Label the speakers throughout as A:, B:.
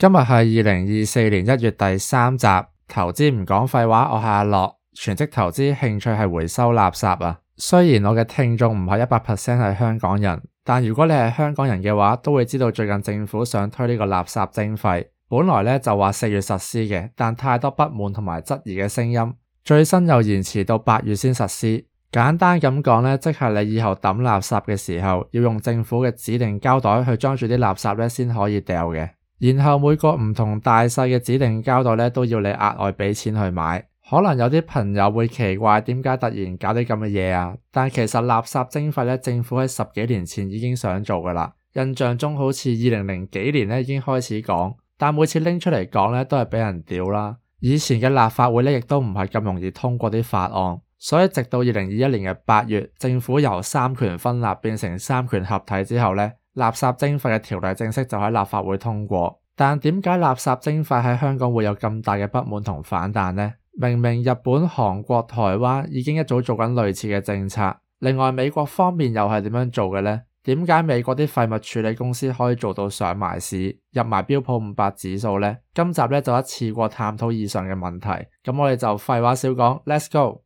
A: 今日係二零二四年一月第三集，投資唔講廢話。我係阿樂，全職投資，興趣係回收垃圾啊。雖然我嘅聽眾唔係一百 percent 係香港人，但如果你係香港人嘅話，都會知道最近政府想推呢個垃圾徵費。本來咧，就話四月實施嘅，但太多不滿同埋質疑嘅聲音，最新又延遲到八月先實施。簡單咁講咧，即係你以後抌垃圾嘅時候，要用政府嘅指定膠袋去裝住啲垃圾咧，先可以掉嘅。然後每個唔同大細嘅指定膠袋都要你額外俾錢去買。可能有啲朋友會奇怪，點解突然搞啲咁嘅嘢啊？但其實垃圾徵費政府喺十幾年前已經想做㗎喇。印象中好似二零零幾年已經開始講，但每次拎出嚟講都係俾人屌啦。以前嘅立法會咧亦都唔係咁容易通過啲法案，所以直到二零二一年嘅八月，政府由三權分立變成三權合體之後咧。垃圾徵費嘅條例正式就喺立法會通過，但點解垃圾徵費喺香港會有咁大嘅不滿同反彈呢？明明日本、韓國、台灣已經一早做緊類似嘅政策，另外美國方面又係點樣做嘅呢？點解美國啲廢物處理公司可以做到上埋市、入埋標普五百指數呢？今集呢就一次過探討以上嘅問題，咁我哋就廢話少講，Let's go！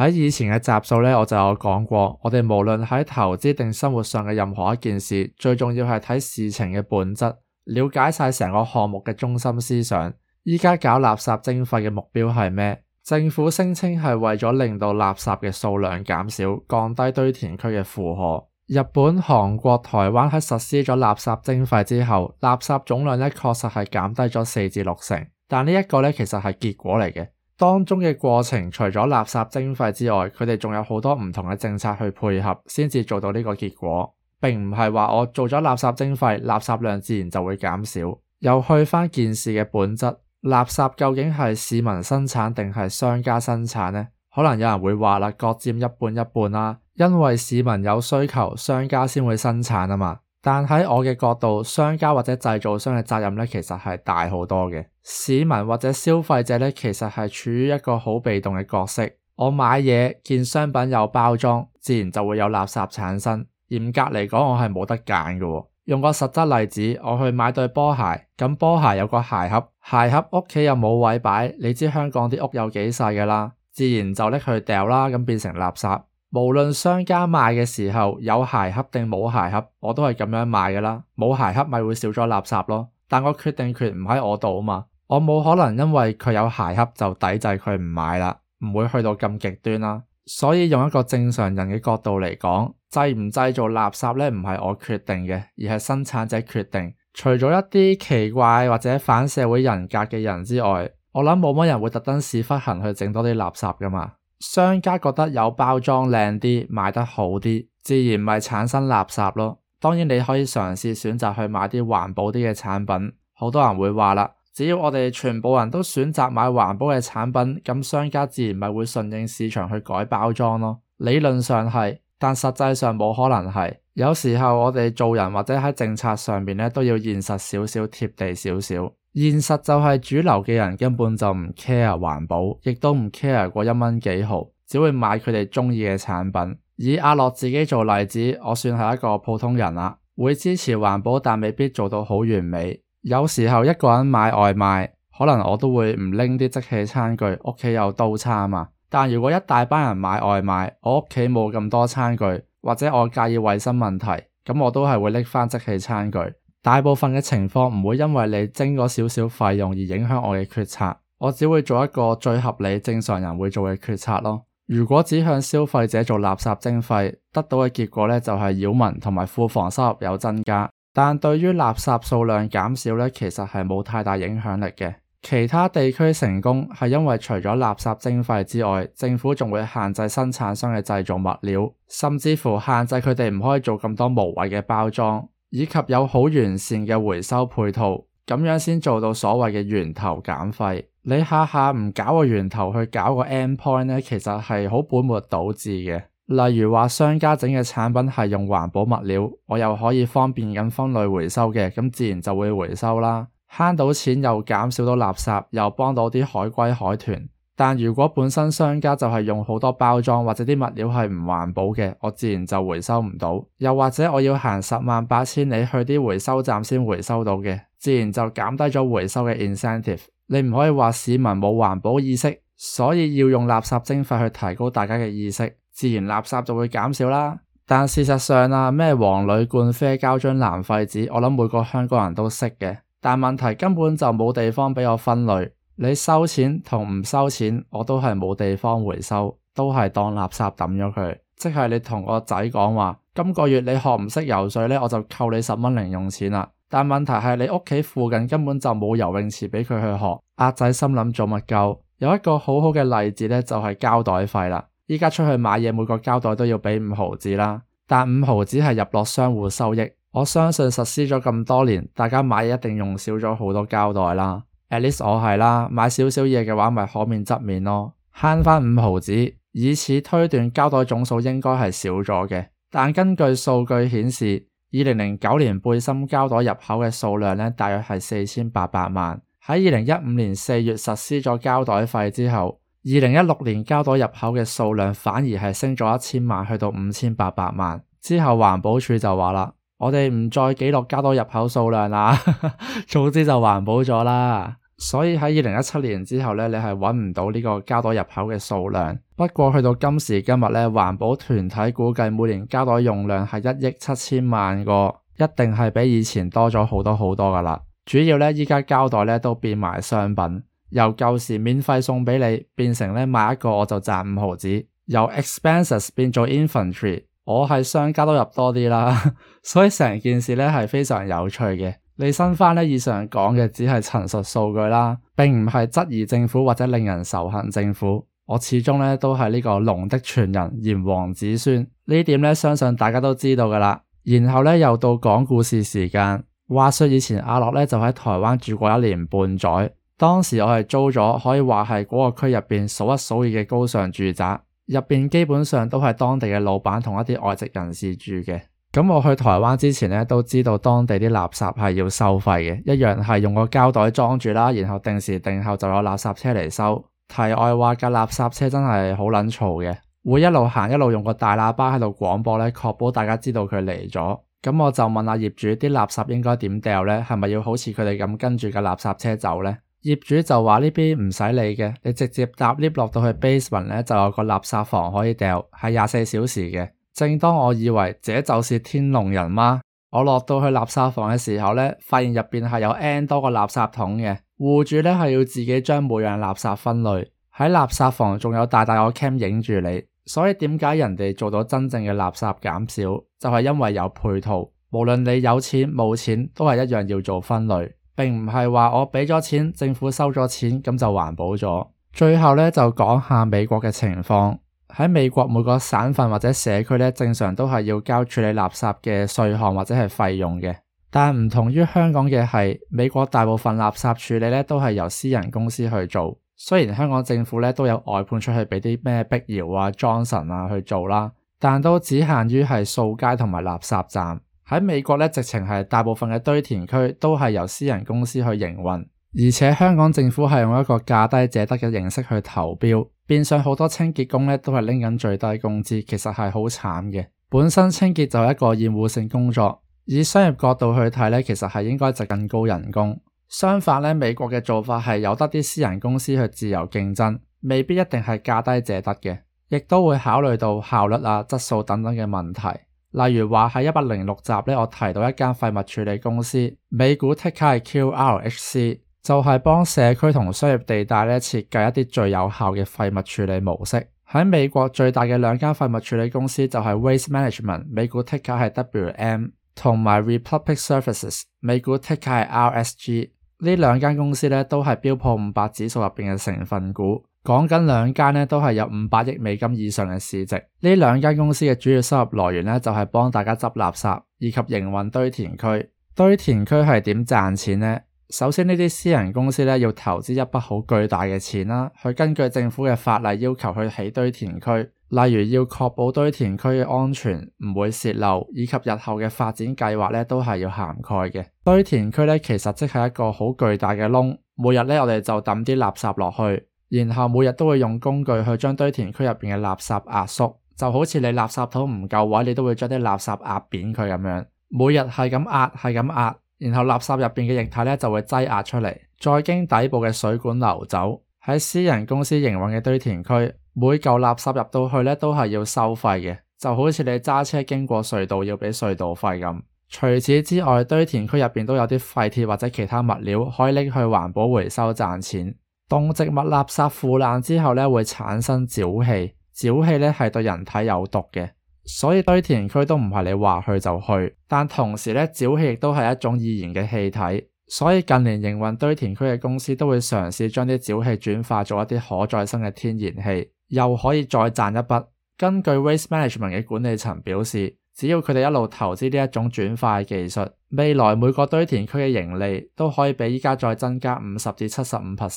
A: 喺以前嘅集數呢，我就有講過，我哋無論喺投資定生活上嘅任何一件事，最重要係睇事情嘅本質，了解晒成個項目嘅中心思想。而家搞垃圾徵費嘅目標係咩？政府聲稱係為咗令到垃圾嘅數量減少，降低堆填區嘅負荷。日本、韓國、台灣喺實施咗垃圾徵費之後，垃圾總量呢確實係減低咗四至六成，但呢一個呢，其實係結果嚟嘅。當中嘅過程，除咗垃圾徵費之外，佢哋仲有好多唔同嘅政策去配合，先至做到呢個結果，並唔係話我做咗垃圾徵費，垃圾量自然就會減少。又去翻件事嘅本質，垃圾究竟係市民生產定係商家生產呢？可能有人會話啦，各佔一半一半啦，因為市民有需求，商家先會生產啊嘛。但喺我嘅角度，商家或者製造商嘅責任咧，其實係大好多嘅。市民或者消費者咧，其實係處於一個好被動嘅角色。我買嘢見商品有包裝，自然就會有垃圾產生。嚴格嚟講，我係冇得揀嘅。用個實質例子，我去買對波鞋，咁波鞋有個鞋盒，鞋盒屋企又冇位擺，你知香港啲屋有幾細嘅啦，自然就拎去掉啦，咁變成垃圾。無論商家賣嘅時候有鞋盒定冇鞋盒，我都係咁樣賣噶啦。冇鞋盒咪會少咗垃圾咯。但我決定權唔喺我度啊嘛，我冇可能因為佢有鞋盒就抵制佢唔買啦，唔會去到咁極端啦。所以用一個正常人嘅角度嚟講，製唔製造垃圾咧，唔係我決定嘅，而係生產者決定。除咗一啲奇怪或者反社會人格嘅人之外，我諗冇乜人會特登屎忽痕去整多啲垃圾噶嘛。商家覺得有包裝靚啲，賣得好啲，自然咪產生垃圾咯。當然你可以嘗試選擇去買啲環保啲嘅產品。好多人會話啦，只要我哋全部人都選擇買環保嘅產品，咁商家自然咪會順應市場去改包裝咯。理論上係，但實際上冇可能係。有時候我哋做人或者喺政策上面呢，都要現實少少，貼地少少。現實就係主流嘅人根本就唔 care 環保，亦都唔 care 過一蚊幾毫，只會買佢哋中意嘅產品。以阿樂自己做例子，我算係一個普通人啦，會支持環保，但未必做到好完美。有時候一個人買外賣，可能我都會唔拎啲即棄餐具，屋企有刀叉嘛。但如果一大班人買外賣，我屋企冇咁多餐具，或者我介意衛生問題，咁我都係會拎翻即棄餐具。大部分嘅情況唔會因為你徵咗少少費用而影響我嘅決策，我只會做一個最合理、正常人會做嘅決策咯。如果只向消費者做垃圾徵費，得到嘅結果呢就係擾民同埋庫房收入有增加，但對於垃圾數量減少呢，其實係冇太大影響力嘅。其他地區成功係因為除咗垃圾徵費之外，政府仲會限制生產商嘅製造物料，甚至乎限制佢哋唔可以做咁多無謂嘅包裝。以及有好完善嘅回收配套，咁樣先做到所謂嘅源頭減廢。你下下唔搞個源頭去搞個 Endpoint 呢，其實係好本末倒置嘅。例如話商家整嘅產品係用環保物料，我又可以方便咁分類回收嘅，咁自然就會回收啦，慳到錢又減少到垃圾，又幫到啲海龜海豚。但如果本身商家就係用好多包裝或者啲物料係唔環保嘅，我自然就回收唔到。又或者我要行十萬八千里去啲回收站先回收到嘅，自然就減低咗回收嘅 incentive。你唔可以話市民冇環保意識，所以要用垃圾徵費去提高大家嘅意識，自然垃圾就會減少啦。但事實上啊，咩黃鋁罐、啡膠樽、藍廢紙，我諗每個香港人都識嘅，但問題根本就冇地方俾我分類。你收錢同唔收錢，我都係冇地方回收，都係當垃圾抌咗佢。即係你同個仔講話，今個月你學唔識游水咧，我就扣你十蚊零用錢啦。但問題係你屋企附近根本就冇游泳池俾佢去學。阿仔心諗做乜鳩？有一個好好嘅例子咧，就係膠袋費啦。依家出去買嘢，每個膠袋都要俾五毫子啦。但五毫子係入落商戶收益，我相信實施咗咁多年，大家買嘢一定用少咗好多膠袋啦。at least 我係啦，買少少嘢嘅話咪可免則免咯，慳翻五毫子。以此推斷膠袋總數應該係少咗嘅。但根據數據顯示，二零零九年背心膠袋入口嘅數量呢，大約係四千八百萬。喺二零一五年四月實施咗膠袋費之後，二零一六年膠袋入口嘅數量反而係升咗一千萬，去到五千八百萬。之後環保署就話啦，我哋唔再記錄膠袋入口數量啦， 總之就環保咗啦。所以喺二零一七年之後呢，你係搵唔到呢個膠袋入口嘅數量。不過去到今時今日呢，環保團體估計每年膠袋用量係一億七千萬個，一定係比以前多咗好多好多㗎喇。主要呢，依家膠袋呢都變埋商品，由舊時免費送俾你，變成呢買一個我就賺五毫子，由 expenses 變做 infantry，我係商家都入多啲啦。 所以成件事呢係非常有趣嘅。你新翻呢，以上講嘅只係陳述數據啦，並唔係質疑政府或者令人仇恨政府。我始終呢都係呢個龍的傳人炎黃子孫，呢點呢，相信大家都知道㗎喇。然後呢，又到講故事時間，話説以前阿樂呢就喺台灣住過一年半載，當時我係租咗可以話係嗰個區入面數一數二嘅高尚住宅，入面基本上都係當地嘅老闆同一啲外籍人士住嘅。咁我去台灣之前咧，都知道當地啲垃圾係要收費嘅，一樣係用個膠袋裝住啦，然後定時定候就有垃圾車嚟收。題外話，架垃圾車真係好撚嘈嘅，會一路行一路用個大喇叭喺度廣播咧，確保大家知道佢嚟咗。咁我就問下業主啲垃圾應該點掉咧？係咪要好似佢哋咁跟住架垃圾車走咧？業主就話呢邊唔使理嘅，你直接搭 lift 落到,到去 basement 咧，就有個垃圾房可以掉，係廿四小時嘅。正當我以為這就是天龍人嗎？我落到去垃圾房嘅時候呢，發現入面係有 n 多個垃圾桶嘅，戶主呢，係要自己將每樣垃圾分類。喺垃圾房仲有大大個 cam 影住你，所以點解人哋做到真正嘅垃圾減少，就係因為有配套。無論你有錢冇錢，都係一樣要做分類，並唔係話我俾咗錢，政府收咗錢咁就環保咗。最後呢，就講下美國嘅情況。喺美國每個省份或者社區呢，正常都係要交處理垃圾嘅稅項或者係費用嘅。但係唔同於香港嘅係，美國大部分垃圾處理呢都係由私人公司去做。雖然香港政府呢都有外判出去俾啲咩碧瑤啊、莊臣啊去做啦，但都只限於係掃街同埋垃圾站。喺美國呢，直情係大部分嘅堆填區都係由私人公司去營運。而且香港政府係用一個價低者得嘅形式去投標，變相好多清潔工咧都係拎緊最低工資，其實係好慘嘅。本身清潔就係一個厭惡性工作，以商業角度去睇咧，其實係應該值更高人工。相反咧，美國嘅做法係有得啲私人公司去自由競爭，未必一定係價低者得嘅，亦都會考慮到效率啊、質素等等嘅問題。例如話喺一百零六集咧，我提到一間廢物處理公司，美股 ticker 係 QRHC。就係幫社區同商業地帶咧設計一啲最有效嘅廢物處理模式。喺美國最大嘅兩家廢物處理公司就係 Waste Management，美股 ticker 係 WM，同埋 Republic Services，美股 ticker 係 RSG。呢兩間公司咧都係標普五百指數入邊嘅成分股。講緊兩間咧都係有五百億美金以上嘅市值。呢兩間公司嘅主要收入來源咧就係、是、幫大家執垃圾以及營運堆填區。堆填區係點賺錢咧？首先呢啲私人公司咧要投資一筆好巨大嘅錢啦，去根據政府嘅法例要求去起堆填區，例如要確保堆填區嘅安全唔會泄漏，以及日後嘅發展計劃咧都係要涵蓋嘅。堆填區咧其實即係一個好巨大嘅窿，每日咧我哋就抌啲垃圾落去，然後每日都會用工具去將堆填區入邊嘅垃圾壓縮，就好似你垃圾桶唔夠位嘅話，你都會將啲垃圾壓扁佢咁樣，每日係咁壓，係咁壓。然後垃圾入邊嘅液體呢就會擠壓出嚟，再經底部嘅水管流走。喺私人公司營運嘅堆填區，每嚿垃圾入到去呢都係要收費嘅，就好似你揸車經過隧道要畀隧道費咁。除此之外，堆填區入邊都有啲廢鐵或者其他物料可以拎去環保回收賺錢。動植物垃圾腐爛之後呢會產生沼氣，沼氣呢係對人體有毒嘅。所以堆填區都唔係你話去就去，但同時呢，沼氣亦都係一種易燃嘅氣體，所以近年營運堆填區嘅公司都會嘗試將啲沼氣轉化做一啲可再生嘅天然氣，又可以再賺一筆。根據 Waste Management 嘅管理層表示，只要佢哋一路投資呢一種轉化技術，未來每個堆填區嘅盈利都可以比依家再增加五十至七十五 p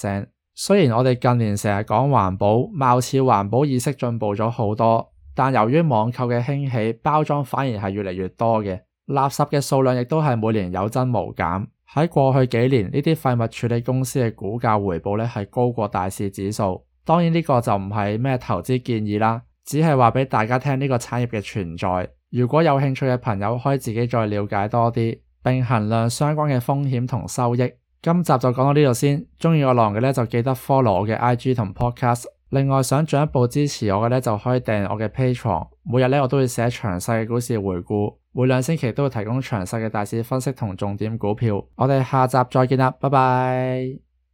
A: 雖然我哋近年成日講環保，貌似環保意識進步咗好多。但由於網購嘅興起，包裝反而係越嚟越多嘅，垃圾嘅數量亦都係每年有增無減。喺過去幾年，呢啲廢物處理公司嘅股價回報咧係高過大市指數。當然呢個就唔係咩投資建議啦，只係話俾大家聽呢個產業嘅存在。如果有興趣嘅朋友，可以自己再了解多啲，並衡量相關嘅風險同收益。今集就講到呢度先，中意我狼嘅咧就記得 follow 我嘅 IG 同 Podcast。另外想進一步支持我嘅呢，就可以訂我嘅 Patreon。每日呢我都會寫詳細嘅股市回顧，每兩星期都會提供詳細嘅大市分析同重點股票。我哋下集再見啦，拜拜。